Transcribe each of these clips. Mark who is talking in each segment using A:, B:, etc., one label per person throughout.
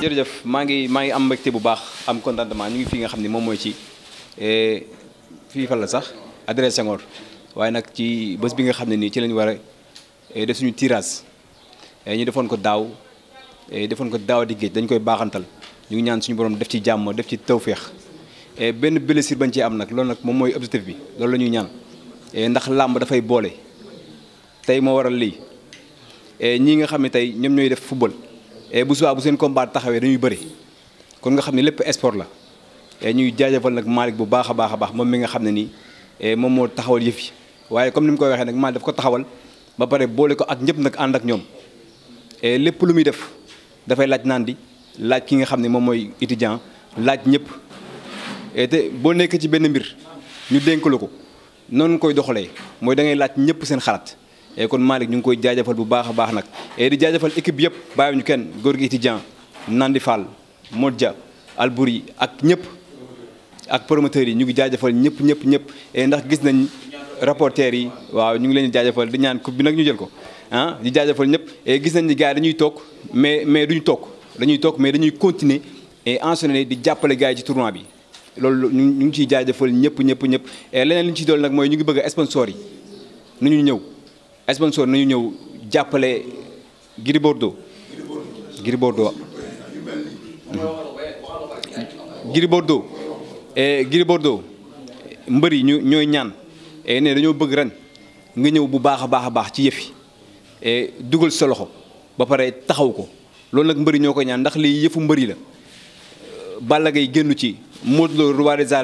A: jërëjëf maa ngi maa ngi am mbégte bu baax am contentement ñu ngi fii nga xam ne moom mooy ci eh, fii fan la sax adresse Senghor waaye nag ci bés bi nga xam ne nii ci lañ war eh, def suñu tiiraas eh, ñu defoon ko daaw defoon ko daaw di géej dañ koy baaxantal ñu ngi ñaan suñu borom def ci jàmm def ci tawféex benn blessure bañ ci am nag loolu nag moom mooy objectif bi loolu la ñuy ñaan ndax làmb dafay boole tey moo waral lii ñii nga xam ne tey ñoom ñooy def football. et bu subaa bu seen combat taxawee dañuy bëri kon nga xam ne lépp sport la ñuy jaajëfal nag Malick bu baax a baax a baax moom mi nga xam ne nii moom moo taxawal yëf yi waaye comme ni mu koy waxee nag Malick daf ko taxawal ba pare boole ko ak ñëpp nag ànd ak ñoom lépp lu muy def dafay laaj naan di laaj ki nga xam ne moom mooy étudiant laaj ñëpp et te boo nekk ci benn mbir ñu dénk la ko noonu koy doxalee mooy da ngay laaj ñëpp seen xalaat. e kon Malick ñu ngi koy jaajëfal bu baax a baax nag e di jaajëfal équipe yëpp bàyyiwuñu kenn góor gi étudiant Nandi Fall Modja Albouri ak ñëpp ak promoteurs yi ñu ngi jaajëfal ñëpp ñëpp ñëpp e ndax gis nañ rapporteurs yi waaw ñu ngi leen jaajëfal di ñaan coupe bi nag ñu jël ko ah di jaajëfal ñëpp gis nañ ni gars dañuy toog mais mais duñu toog dañuy toog mais dañuy continuer et di jàppale gars yi ci bi loolu ñu ngi ciy jaajëfal ñëpp ñëpp ñëpp leneen li ñu ciy nag mooy ñu ngi bëgg a sponsor yi nu ñu ñëw sponsor nañu ñëw jàppale Gris Bordeaux Gris Bordeaux Gris Bordeaux eh, Gris Bordeaux nous eh, sommes bëgg nga sommes bu roi des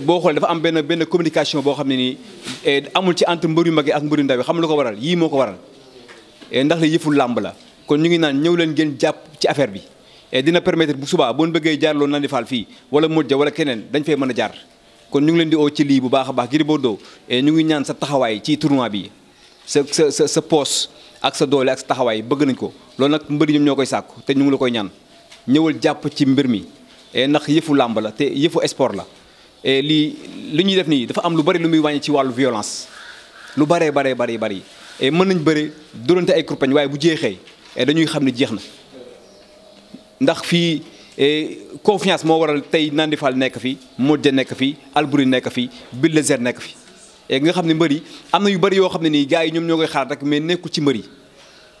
A: boo xool dafa am benn benn communication boo xam ne nii amul ci entre mbër yu mag yi ak mbër yu ndaw yi xam lu ko waral yii moo ko waral ndax la làmb la kon ñu ngi naan ñëw leen ngeen jàpp ci affaire bi dina permettre bu subaa boo bëggee jaar loolu Nandi Fall fii wala Modja wala keneen dañ fay mën a jaar kon ñu ngi leen di oo ci lii bu baax a baax Gris Bordeaux ñu ngi ñaan sa taxawaay ci tournoi bi sa sa sa sa poos ak sa doole ak taxawaay bëgg nañ ko loolu nag mbër ñoom ñoo koy sàkku te ñu ngi la koy ñaan ñëwal jàpp ci mbir mi ndax yëfu làmb la te yëfu sport la lii li ñuy def nii dafa am lu bari lu muy wàññi ci wàllu violence lu baree baree bari bari mën nañ bëre durante ay kurpeñ waaye bu jeexee dañuy xam ne jeex na ndax fii confiance moo waral tey Nandi Fall nekk fi Modja nekk fi Albouri nekk fi Bulldozer nekk fi et nga xam ni mbër yi am na yu bari yoo xam ne nii gars yi ñoom ñoo koy xalaat rek mais nekkul ci mbër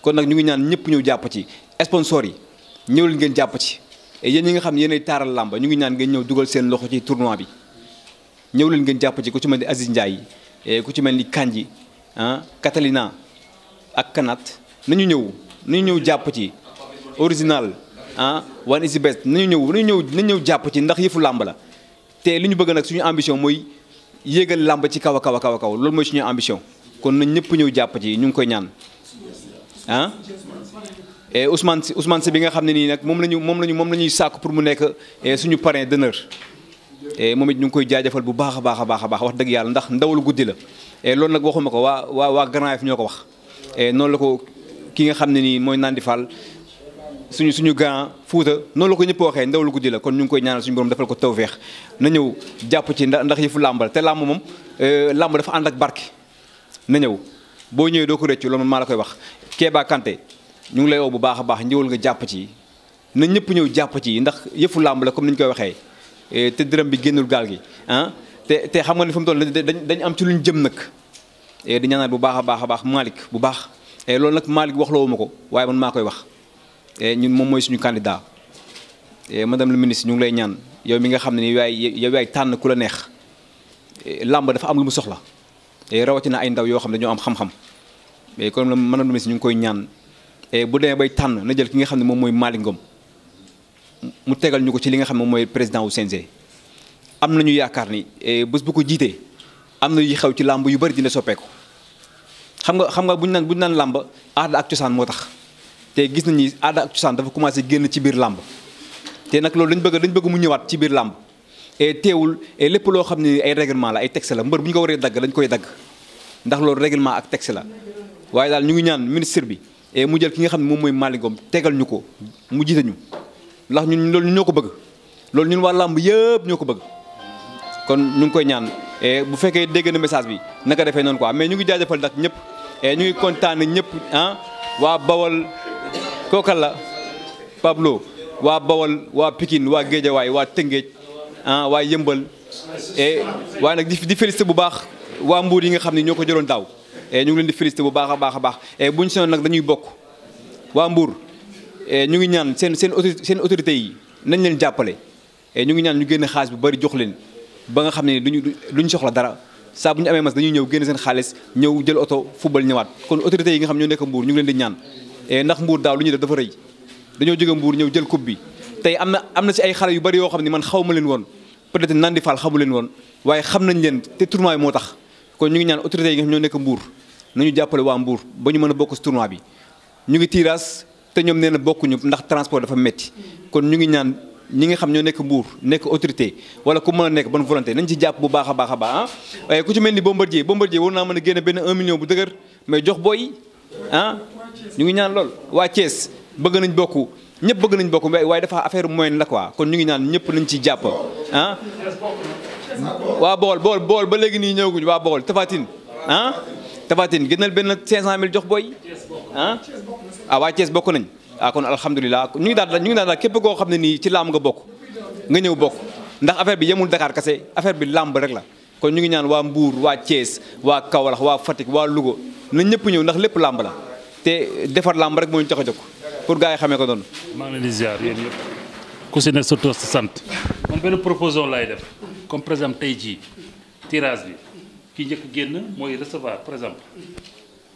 A: kon nag ñu ngi ñaan ñëpp ñëw jàpp ci sponsor yi ñëw ngeen jàpp ci et yéen ñi nga xam ne yéenay taaral làmba ñu ngi ñaan ngeen ñëw dugal seen loxo ci tournoi bi ñëw leen ngeen jàpp ci ku ci mel ni Aziz Ndiaye eh, ku ci mel ni Kandji ah Catalina ak Kanat nañu ñëw nañu ñëw jàpp ci original ah one is the best nañu ñëw nañu ñëw nañu ñëw jàpp ci ndax yëfu làmb la te li ñu bëgg nag suñu ambition mooy yéegal làmb ci kaw a kaw a kaw a kaw loolu mooy suñu ambition kon nañ ñëpp ñëw jàpp ci ñu ngi koy ñaan ah et eh, Ousmane Ousmane si bi nga xam ne nii nag moom la ñu moom la moom la ñuy sàkk pour mu nekk eh, suñu parrain d'honneur Eh, moom it ñu ngi koy jaajëfal bu baax a baax a baax a baax wax dëgg yàlla ndax ndawal guddi la eh, loolu nag waxuma ko waa waa waa Grand Yoff ñoo ko wax eh, noonu la ko ki nga xam ne nii mooy Nandi Fall suñu suñu grand Fuuta noonu la ko ñëpp waxee ndawal guddi la kon ñu ngi koy ñaanal suñu borom defal ko tawféex na ñëw jàpp ci ndax yëfu làmb la te làmb moom làmb dafa ànd ak barke na ñëw boo ñëwee doo ko rëccu loolu maa la koy wax Kéba ñu ngi lay woo bu baax a baax ñëwal nga jàpp ci na ñëpp ñëw jàpp ci ndax yëfu làmb la comme ni koy waxee Eh, te dërëm bi génnul gaal gi ah te te xam nga ne fa mu toll dañ am ci luñ jëm nag eh, di ñaanal bu baax a baax a baax maalik bu baax eh, loolu nag maalik wax waxloo ma ko waaye man maa koy wax ñun moom mooy suñu candidat madame le ministre ñu ngi lay ñaan yow mi nga xam ne ni yaay yow tànn ku la neex làmb dafa lu mu soxla rawatina ay ndaw yoo xam ne dañoo am xam-xam kon madame le ministre ñu ngi koy ñaan bu demee bay tànn na jël ki nga xam ne moom mooy Malick Ngom mu tegal ñu ko ci li nga xam ne mooy président wu CNG am na ñu yaakaar ni eh, bés bu ko jiitee am na ñu xew ci làmb yu bari dina soppeeku xam nga xam nga bu ñu naan bu ñu naan làmb aada ak cosaan moo tax te gis nañu ni aada ak cosaan dafa commencé génn ci biir làmb te nag loolu dañ bëgg dañ bëgg mu ñëwaat ci biir làmb teewul lépp loo xam ne ay règlement la ay texte la mbër bu ñu ko waree dagg dañ koy dagg ndax loolu règlement ak texte la waaye daal ñu ngi ñaan ministre bi mu jël ki nga xam ne moom mooy Malick tegal ñu ko mu jiite ndax ñun loolu ñoo ko bëgg loolu ñun waa làmb yëpp ñoo ko bëgg kon ñu ngi koy ñaan eh, bu fekkee dégg na message bi naka defee noonu ko mais ñu ngi jaajëfal nag ñëpp eh, ñu kontaan ñëpp ah waa Bawol kookal la Pablo waa Bawol waa Pikine waa Géejawaay waa Tëngéej ah waa Yëmbal e eh, waaye nag di félicité bu baax waa Mbuur yi nga xam ne ñoo ko jëloon daaw ñu ngi bu baax a baax a baax buñ senoon nag dañuy bokk waa Mbuur Eh, ñu ngi ñaan seen seen autorité seen autorité yi nañ leen jàppale eh, ñu ngi ñaan ñu génn xaalis bu bari jox leen ba nga xam ne duñu duñu soxla dara saa bu ñu amee mas dañuy ñëw génn seen xaalis ñëw jël oto football ñëwaat kon autorité yi nga xam ñoo nekk Mbour ñu leen di ñaan eh, ndax Mbour daaw lu ñuy def dafa rëy dañoo jóge Mbour ñëw jël coupe bi tey am na am na si ay xale yu bari yoo xam ne man xaw ma leen woon peut-être Nandi leen woon waaye xam nañ leen te tournoi moo tax kon ñu ngi ñaan autorité yi nga ñoo nekk Mbour nañu jàppale waa Mbour ba ñu mën a bokk si tournoi bi ñu ngi tirage te ñoom nee na bokkuñu ndax transport dafa metti kon ñu ngi ñaan ñi nga xam ñoo nekk mbuur nekk autorité wala ku mën a nekk bonne volonté nañ ci jàpp bu baax a baax a baax ah waaye eh, ku ci mel ni Bombardier Bombardier war naa mën a génne benn 1 million bu dëgër mais jox booy ah ñu ngi ñaan lool waa Thiès bëgg nañ bokk ñëpp bëgg nañ bokk waaye dafa affaire moyenne la quoi kon ñu ngi ñaan ñëpp nañ ciy jàpp ah waa bool bool bool ba léegi nii ñëwaguñu waa bool Tapha Tine ah Tapha Tine génnal benn jox booy ah. ah waa Thiès bokk nañ ah kon alhamdulilah ñu ngi daal ñu ngi daal képp koo xam ne nii ci làmb nga bokk nga ñëw bokk ndax affaire bi yemul Dakar kese affaire bi làmb rek la kon ñu ngi ñaan waa Mbour waa Thiès waa Kaolack waa Fatick waa Louga na ñëpp ñëw ndax lépp làmb la te defar làmb rek moo ñu tax a pour gars yi xamee ko noonu.
B: maa ngi leen di ziar yéen ne sa toog sa sant man benn proposition laay def comme par tey jii tirage bi ki njëkk génn mooy recevoir par exemple.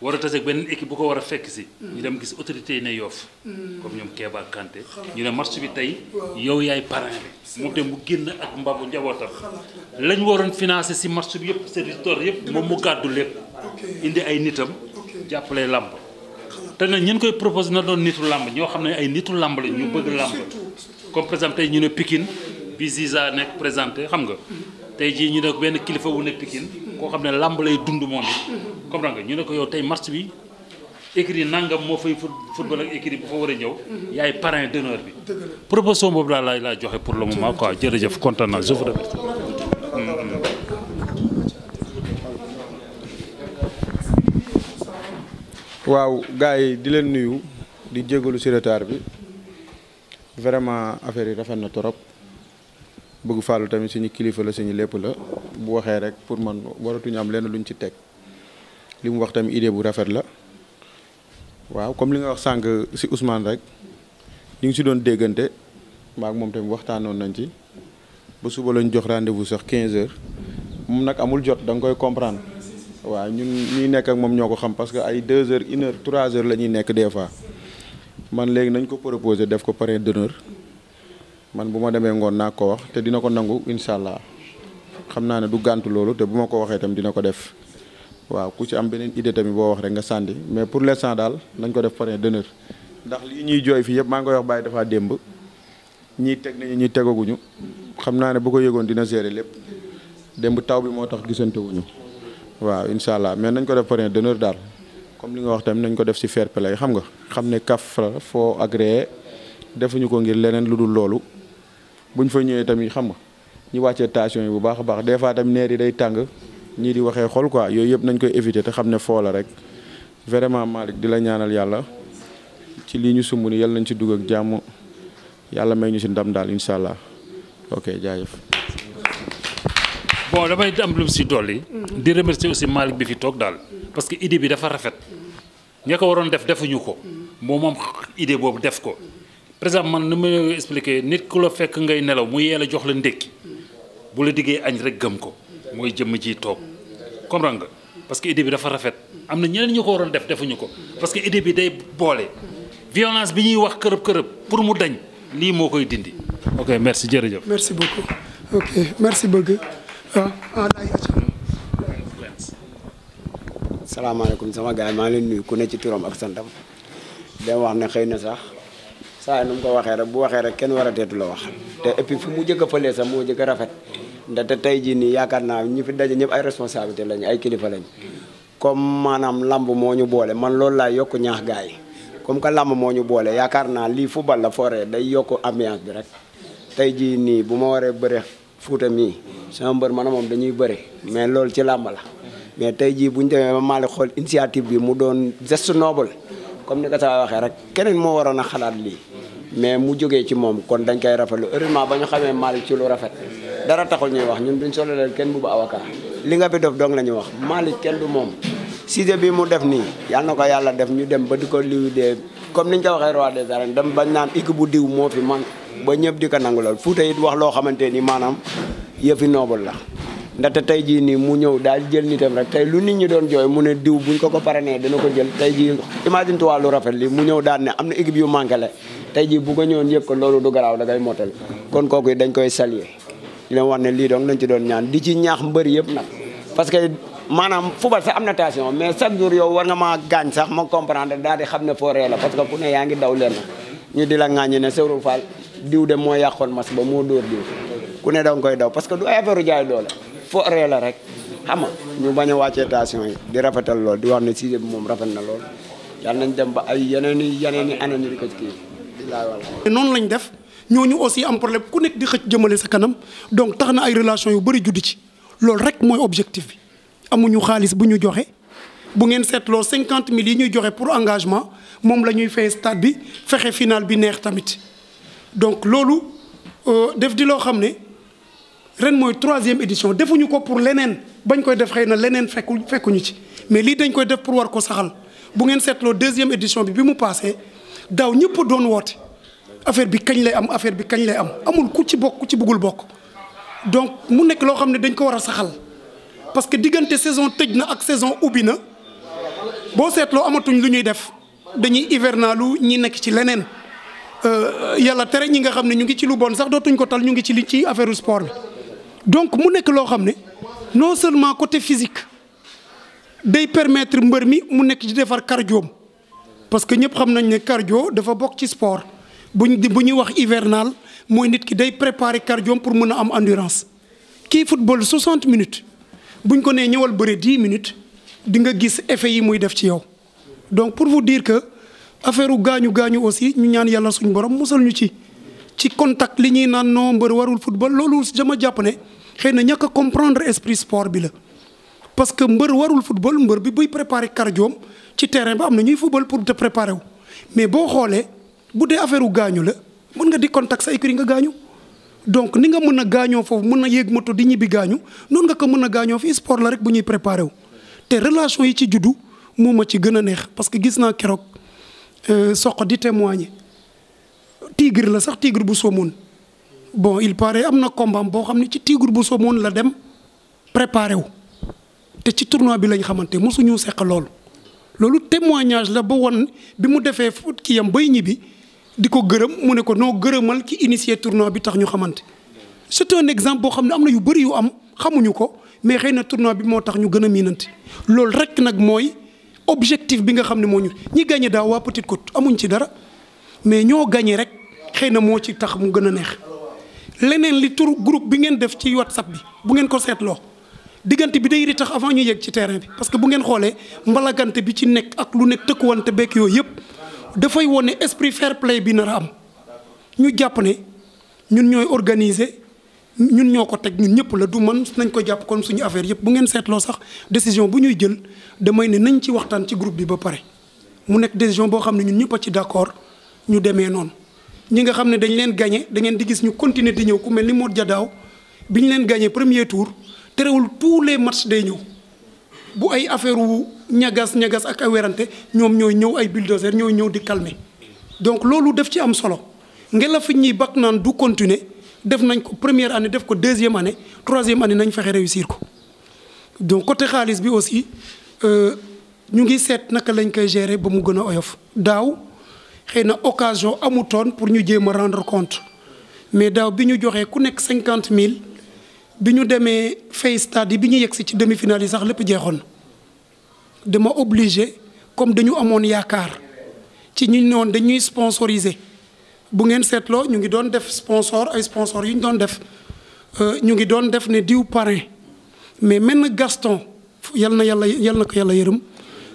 B: war a taseeg beneen équipe bu ko war a fekk si. Mm. ñu dem gis autorité yi ne yoof mm. comme ñoom Kéba Kanté. ñu ne match bi tey yow yaay parrain bi. mu dem mu génn ak mbabu njabootam. lañ waroon financé si match bi yëpp seen histoire yëpp moom mu gàddu lépp. indi ay nitam. jàppale làmb te nag ñun koy proposé na doon nitu làmb ñoo xam ne ay nitu làmb la ñu mm, bëgg làmb comme par ñu ne Pikine bi Ziza nekk présenté xam nga. tey jii ñu ne benn kilifa wu ne Pikine koo xam ne làmb lay dund moom comprendre nga ñu ne ko yow tey match bi écrit nangam moo fay football ak écrit bu fa war a ñëw. Mhm. yaay parrain d'honneur bi. proposition boobu laa laay laa joxe pour le moment quoi ko kontaan naa je vous remercie. Mhm.
C: waaw gars yi di leen nuyu di jégalu ci retard bi vraiment affaire yi rafet na trop. bëgg fàllu tamit suñu kilifa la suñu lépp la bu waxee rek pour man waratuñu am lenn luñ ci teg limu wax tam idée bu rafet la waaw comme li nga wax sànq si Ousmane rek ñu ngi si doon déggante ak moom tamit waxtaanoon nañ ci ba suba lañ jox rendez-vous sax 15 heures moom nag amul jot da nga koy comprendre waaw ñun ñi nekk ak moom ñoo ko xam parce que ay 2 heures 1 heure 3 heures la ñuy nekk des fois man léegi nañ ko proposé def ko parrain d'honneur man bu ma demee ngoon naa ko wax te dina ko nangu incha allah xam naa ne du gàntu loolu te bu ma ko waxee tam dina ko def. waaw ku ci am beneen idée tamit boo wax rek nga sànni mais pour l'instant daal nañ ko def parrain d'honneur ndax lii ñuy jooy fii yëpp maa ngi koy wax bàyyi dafaa démb ñii teg nañu ñii tegaguñu xam naa ne bu ko yëgoon dina gérer lépp démb taw bi moo tax gisantewuñu waaw incha allah mais nañ ko def parrain d'honneur daal comme li nga wax tamit nañ ko def ci fair play xam nga xam ne kaf la foo agréé defuñu ko ngir leneen lu dul loolu buñ fa ñëwee tamit xam nga ñu wàccee tension bu baax a baax des fois tamit neer yi day tàng. ñi di waxe xol quoi yoy yeb nañ koy éviter te xamné fo la rek vraiment malik dila ñaanal yalla ci li ñu sumbu ni yalla nañ ci dugg ak jamm yalla may ñu ci ndam dal inshallah ok jaayef
B: bon damay am lu ci doli di remercier aussi malik bi fi tok dal parce que idée bi dafa rafet. ñi ko waron def defuñu ko. moom mom idée bobu def ko. présent man ni ma nit ku la fekk ngay nelaw mu yee jox la ndek bu la diggé agn rek gëm ko. mooy jëmm ji toog comprendre nga parce que idée bi dafa rafet am na ñeneen ñu ko waroon def defuñu ko parce que idée bi day boole violence bi ñuy wax kërëb kërëb pour mu dañ lii moo koy dindi ok merci jërëjëf
D: merci beaucoup ok merci bëgg waaw ah, ah,
E: salaamaaleykum sama gars yi maa ngi leen nuyu ku ne ci turam ak santam dem wax ne xëy na sax saa yi nu mu ko waxee rek bu waxee rek kenn war a teetu la wax te et puis mu jëkk a fëlee sax moo jëkk rafet ndaxte tey jii nii yaakaar naa ñi fi daje ñëpp ay responsabilité lañu ay kilifa lañ comme maanaam lamb moo ñu boole man loolu laay yokk ñaax gaa yi comme que làmb moo ñu boole yaakaar naa lii football la fooree day yokk ambiance bi rek tey jii nii bu ma waree bëre fuuta mii sama mbër man moom dañuy bëre mais loolu ci làmb la mais tey jii bu ñu demee ba Malick xool initiative bi mu doon geste noble comme ni ko saa waxee rek keneen moo waroon a xalaat lii mais mu jógee ci moom kon dañ koy rafetlu heureusement ba ñu xamee Malick ci lu rafet dara taxul ñuy wax ñun duñ solo kenn bu awaka li nga bi dof dong lañu wax malik kenn du mom sidé bi mu def ni yalla nako yalla def ñu dem ba diko liwdé comme niñ ko waxé roi des arènes dem bañ naan diw mo fi man ba ñepp diko futa yit wax lo xamanteni manam yefi noble la ndata tay ji ni mu ñew dal jël nitam rek tay lu nit ñi doon joy mu ne diw buñ ko ko parané dana ko jël tay ji imagine toi lu rafet li mu ñew dal ne amna équipe yu mankalé tay ji bu ko ñewon yeb ko lolu du graw da ngay motel kon koku dañ koy saluer di leen li dong lañ ci doon ñaan di ci ñaax mbeur yeb nak parce que manam football sax am na tension mais chaque jour yow war nga ma gaañ sax ma comprendre daal di xamne fo reel la parce que ku ne yaa ngi daw leen ñu di la ŋaañu ne Serou Fall diw de mo yàqoon mas ba mo door diw ku ne dang koy daw parce que du ay affaire jaay doole fo reel la rek xam nga ñu baña wacce wàccee tension yi di rafetal lool di wax ne Cissé bi rafet na lool yalla nañ dem ba ay yeneen i yeneen i année ñu di ko
D: kii. noonu lañ def. nous avons aussi un problème. Nous avons aussi un problème. Donc, nous avons une relation qui est très importante. C'est ce qui est Nous avons un problème. Si vous avez 50 millions d'euros pour engagement. Nous avons fait un stade, qui fait la finale. Donc, Lolo, je vais vous dire que c'est la troisième édition. Nous avons fait pour l'ENN. Nous avons fait pour l'ENN. Mais ce qui est fait pour l'ENN. Si vous avez fait deuxième édition, nous avons passé. Nous avons fait affaire bi kagn lay am affaire bi kagn lay am amul ku ci bokk ku ci bëggul bok donc mu nek lo xamne ne dañ ko wara saxal parce que diggante saison tëj na ak saison ubbi bo boo amatuñ luñuy def dañuy hivernalu ñi nek ci euh yalla téré ñi nga xamne ñu ngi ci lu bon sax dootuñ ko tal ñu ngi ci li ci affaire sport bi donc mu nek lo xamne non seulement côté physique day permettre mbeur mi mu nek ci défar cardio parce que ñëpp xam nañ ne cardio dafa bok ci sport buñ bu wax hivernal moy nit ki day préparer cardio pour mën am endurance ki football 60 minutes buñ ko nee ñëwal bëre 10 minutes di nga gis effet yi muy def ci yow donc pour vous dire que affaire gañu gañu aussi ñu ñaan yalla suñu borom musal ñu ci ci contact li ñuy naan noo mbeur warul football lolu jama japp ne xeyna ñaka comprendre esprit sport bi la parce que mbeur warul football mbeur bi buy préparer cardio ci terrain ba am na ñuy football pour te préparer wu mais bo xolé bu dee affaire u gaañu la mën nga di contact sa écurie nga gaañu donc ni nga mën a gaañoo foofu mën na yéeg moto di ñibbi gaañu noonu nga ko mën a gaañoo fii sport la rek bu ñuy préparé wu te relation yi ci juddu moom ma ci gën a neex parce que gis naa keroog euh, soq di témoigner tigre la sax tigre bu somoon bon il paraît am na combat boo xam ne ci tigre bu somoon la dem préparé wu te ci tournoi bi lañ xamante mosuñu seq loolu loolu témoignage la ba won bi mu defee fut ki yam bay ñibbi di ko gërëm mu ne ko noo gërëmal ci initié tournoi bi tax ñu xamante c'est un exemple boo xam ne am na yu bëri yu am xamuñu ko mais xëy na tournoi bi moo tax ñu gën a miinante loolu rek nag mooy objectif bi nga xam ne moo ñu ñi gagné daaw waa Petite Côte amuñ ci dara mais ñoo gagné rek xëy na moo ci tax mu gën a neex leneen li tour groupe bi ngeen def ci whatsapp bi bu ngeen ko seetloo diggante bi day tax avant ñu yegg ci terrain bi parce que bu ngeen xoolee mbalagante bi ci nekk ak lu nekk tëkkuwante beek yooyu yëpp. dafay wone esprit fair play bi nar a am ñu jàpp ne ñun ñooy organiser ñun ñoo ko teg ñun ñëpp la du man nañ ko jàpp kon suñu affaire yëpp bu ngeen seetloo sax décision bu ñuy jël damay ne nañ ci waxtaan ci groupe bi ba pare mu nekk décision boo xam ne ñun ñëpp a ci d'accord ñu demee noonu ñi nga xam ne dañ leen gagné da ngeen di gis ñu continuer te ñëw ku mel ni moo Dia bi ñu leen gagné premier tour terewul tous les matchs day ñëw bu ay affaire wu ñagas ñagas ak ay werante ñoom ñooy ñëw ay bulldozer ñoy ñew di calmer donc lolu def ci am solo ngela fi ñuy bakk naan du continuer def nañ ko première année def ko deuxième année troisième année nañ fexe réussir ko donc côté xaalis bi aussi euh ñu ngi seet naka lañ koy gérer ba mu gëna a oyof daaw xëy na occasion amutoon pour ñu jéem rendre compte mais daw bi ñu joxé ku nek 50000 biñu démé demee fay stade biñu bi ci demi-finale yi sax lépp jeexoon dama obligé comme dañu amone yakar ci ñu non dañuy sponsoriser bu ngeen seetloo ñu ngi doon def sponsor ay sponsor yu ñu doon def euh, ñu ngi doon def né diw parrain mais même Gaston yal yalla yàlla ko yalla yërëm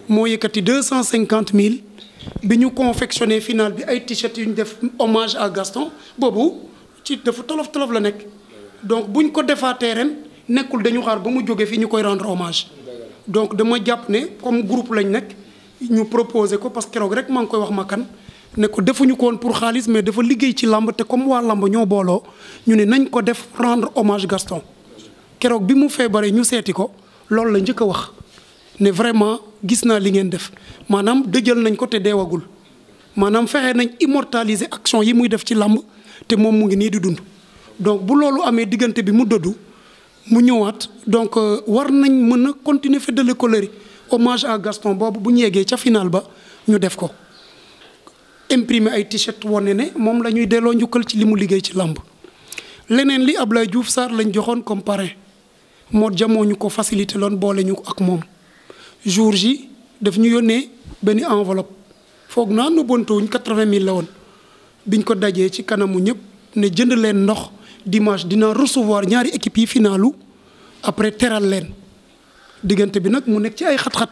D: mo yëkati deux cent cinquante mille bi confectionné final bi ay t-shirt yu ñu def hommage à Gaston bobu ci dafa tolof tolof la nek donc bu ñu ko defaatee ren nekkul dañu xaar ba mu jógee fii ñu rendre hommage donc dama jàpp ne comme groupe lañ nekk ñu proposé ko parce que keroog rek maa ngi koy wax ma kan ne ko defuñu ko woon pour xaalis mais dafa liggéey ci làmb te comme waa làmb ñoo booloo ñu ne nañ ko def rendre hommage Gaston keroog bi mu feebaree ñu seeti ko loolu la njëkk a wax ne vraiment gis naa li ngeen def maanaam dëjal nañ ko te deewagul maanaam fexe nañ immortaliser action yi muy def ci làmb te moom mu ngi nii di dund. donc bu loolu amee diggante bi mu dëddu mu ñëwaat donc euh, war nañ mën a continuer feddale colère hommage à Gaston boobu bu ñu yeggee ca final ba ñu def ko imprimer ay t-shirt wane ne moom la ñuy delloo njukkal ci li mu liggéey ci làmb leneen li Ablaye Diouf Sarr lañ joxoon comme parrain moo jamoo ñu ko facilité loon boole ko ak moom jour ji daf ñu yónnee benn enveloppe foog naa nëbbantewuñ quatre-vingt mille la woon biñ ko dajee ci kanamu ñëpp ne jënd leen ndox dimanche dina recevoir ñaari équipe yi finalu après teral len diggante bi nak mu nek ci ay xat-xat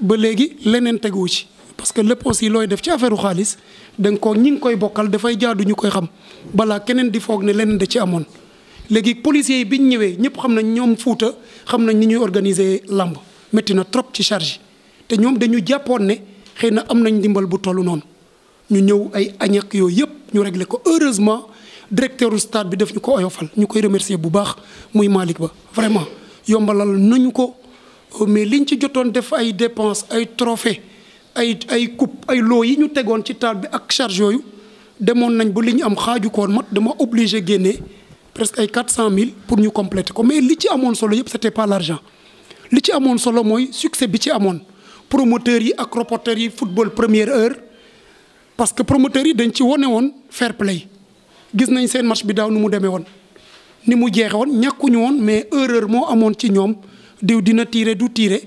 D: ba légui lenen tegu ci parce que lépp aussi loy def ci affaireu khalis da nga ko ñi ngi koy bokkal dafay jaadu ñu koy xam bala kenen di fogg ne lenen da ci amone légui policier yi biñ ñëwee ñëpp xam nañ ñom fuuta xam nañ ni ñuy organiser lamb metti na trop ci charge té ñom dañu japon né xëy na am nañ ndimbal bu tollu non ñu ñëw ay añak yooyu yëpp ñu régler ko heureusement directeur stade bi def ñu ko oyofal ñu koy remercier bu baax muy malik Ba vraiment yombalal nañu ko mais liñ ci jotone def ay dépense ay trophée ay ay coupe ay loo yi ñu tegoon ci taal bi ak charge yooyu demone nañ bu liñ am xaju ko mat dama obligé gagner, presque ay quatre pour ñu compléter ko mais li ci amone solo yep c'était pas l'argent li ci amone solo moy succès bi ci amone promoteur yi ak reporter yi football première heure parce que promoteur yi dañ ci woné won fair play gis nañ seen match bi daaw nu mu demee woon ni mu jeexe woon ñàkkuñu woon mais erreur moo amoon ci ñoom diw dina tiire du tiire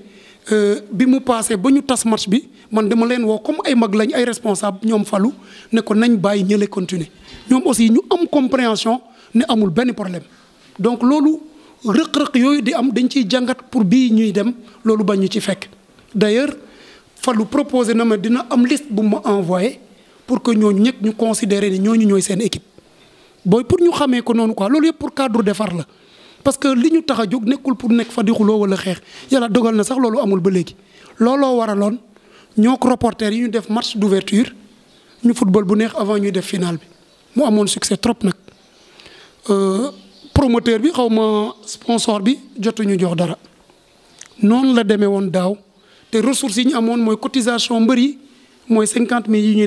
D: euh, bi mu passé ba ñu tas match bi man dama leen woo comme ay mag lañ ay responsable ñoom falu ne ko nañ bàyyi ñële continuer ñoom aussi ñu am compréhension ne amul benn problème donc loolu rëq-rëq yooyu di am dañ ciy jàngat pour bii ñuy dem loolu bañ ñu ci fekk d'ailleurs falu proposé na ma dina am liste bu ma envoyé pour que ñooñu ñëpp ñu considérer ni ñooñu ñooy seen équipe boy pour ñu ko quoi pour cadre de la parce que li ñu tax a pour ce qui est wala dogal na sax amul ba waraloon nous reporter yi ñu def match d'ouverture ñu football bu avant une def finale bi mon succès trop Le euh, promoteur bi sponsor bi jox dara Non, la fait ressources yi cotisation mbër 50 millions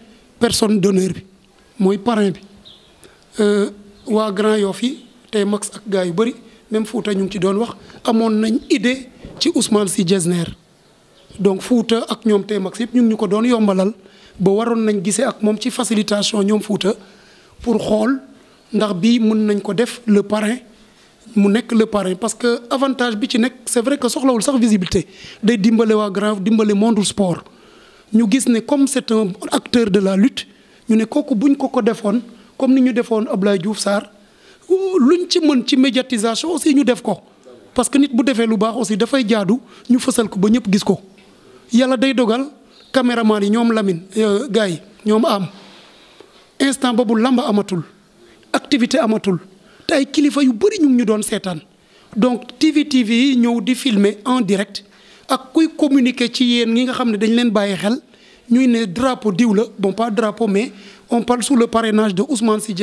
D: personne d'honneur bi moy parrain bi euh wa Grand Yoff yi tey Max ak gaay yu bëri même Fouta ñu ci doon wax amoon nañ idée ci Ousmane Sy Diasner donc Fouta ak ñom tay Max yep ñu ñuko doon yombalal ba waron nañ gisé ak mom ci facilitation ñom Fouta pour xol ndax bi mën nañ ko def le parrain mu nek le parrain parce que avantage bi ci nek c'est vrai que soxlawul sax visibilité day dimbalé wa Grand dimbalé monde sport nous gis comme c'est un acteur de la lutte Nous ne kooku buñ ko ko comme nous ñu à Diouf nous ci médiatisation aussi nous def parce que nit bu nous lu aussi nous jaadu ñu dogal euh, gars nous am instant nous lamba amatul activité amatul kilifa yu ñu donc TV TV nous di filmer en direct ak kuy communiquer ci yéen ñi nga xam dañ leen baye xel ñuy ne drapeau diw la bon pas drapeau mais on parle sous le parrainage de Ousmane Sy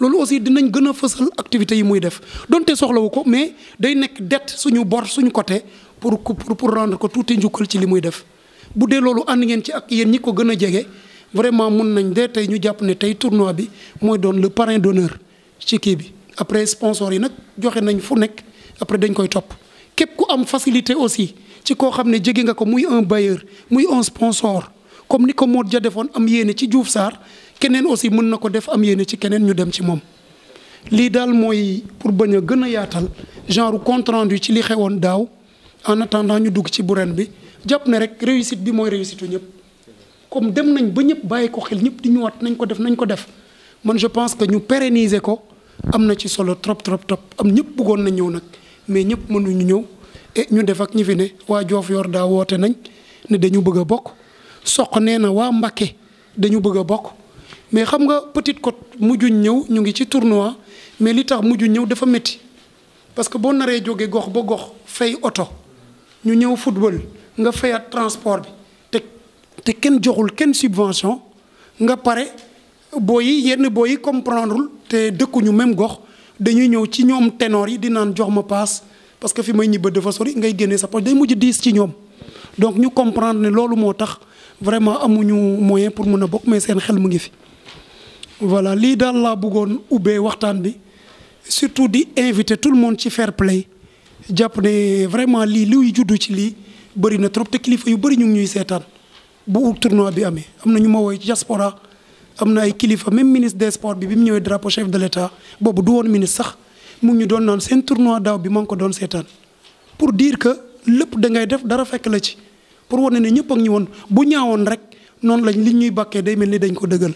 D: lolu aussi dinañ gëna a activité yi muy def donte soxlawuko mais day nekk dette suñu bor suñu côté pour pour pour rendre ko tuuti ñukul ci li muy def. bu dee loolu ànd ngeen ci ak yéen ñi ko gëna jégé vraiment mën nañ dé tay ñu japp né tay tournoi bi moy don le parrain d'honneur ci ki bi après sponsor yi nak joxe nañ fu nekk après dañ koy top képp ku am facilité aussi. ci koo xam ne jege nga ko muy un bailleur muy un sponsor comme ni ko Modou Dia defoon am yéene ci Diouf saar keneen aussi mën na ko def am yéene ci keneen ñu dem ci moom. lii daal mooy pour bañ a gën a yaatal genre compte rendu ci li xewoon daaw en attendant ñu dugg ci bu ren bi jàpp ne rek réussite bi mooy réussite ñëpp comme dem nañ ba ñëpp bàyyi ko xel ñëpp di ñëwaat nañ ko def nañ ko def man je pense que ñu pérenniser ko am na ci solo trop trop trop am ñëpp bëggoon na ñëw nag mais ñëpp mënuñu ñëw. Et eh, ñu def ak ñi fi ne fait joof yor da Nous nañ ne dañu bëgg na dañu bëgg mais xam nga Petite Côte muju nous ñu ngi ci tournoi mais li tax muju ñëw dafa parce que gox gox fay ñu football nga transport bi te te kenn joxul kenn subvention nga pare boy yi yenn Nous yi te dëkkuñu même gox dañuy ñëw ci ñom yi parce que fi may ñibbe dafa sori ngay gënné sa poche day mujj 10 ci ñom donc ñu comprendre né loolu moo tax vraiment amuñu moyen pour mëna a bokk mais seen xel mu ngi fi. voilà lii la laa bëggoon ubbee waxtaan bi surtout di inviter tout le monde ci fair play japp né vraiment li liy juddu ci li bari na trop te kilifa yu bari ñu ngi ñuy seetaan bu tournoi bi amé amna ñu ma woy ci diaspora amna ay kilifa même ministre des sports bi bi ñëwé ñëwee drapeau chef de l'état bobu du won ministre sax. mu ñu doon naan seen tournoi daaw bi maa ngi ko doon seetaan pour diir que lépp dangay def dara fekk la ci pour wane ne ñëpp ak ñu woon bu ñaawoon rek noonu lañ li ñuy bàkkee day mel ni dañ ko dëgël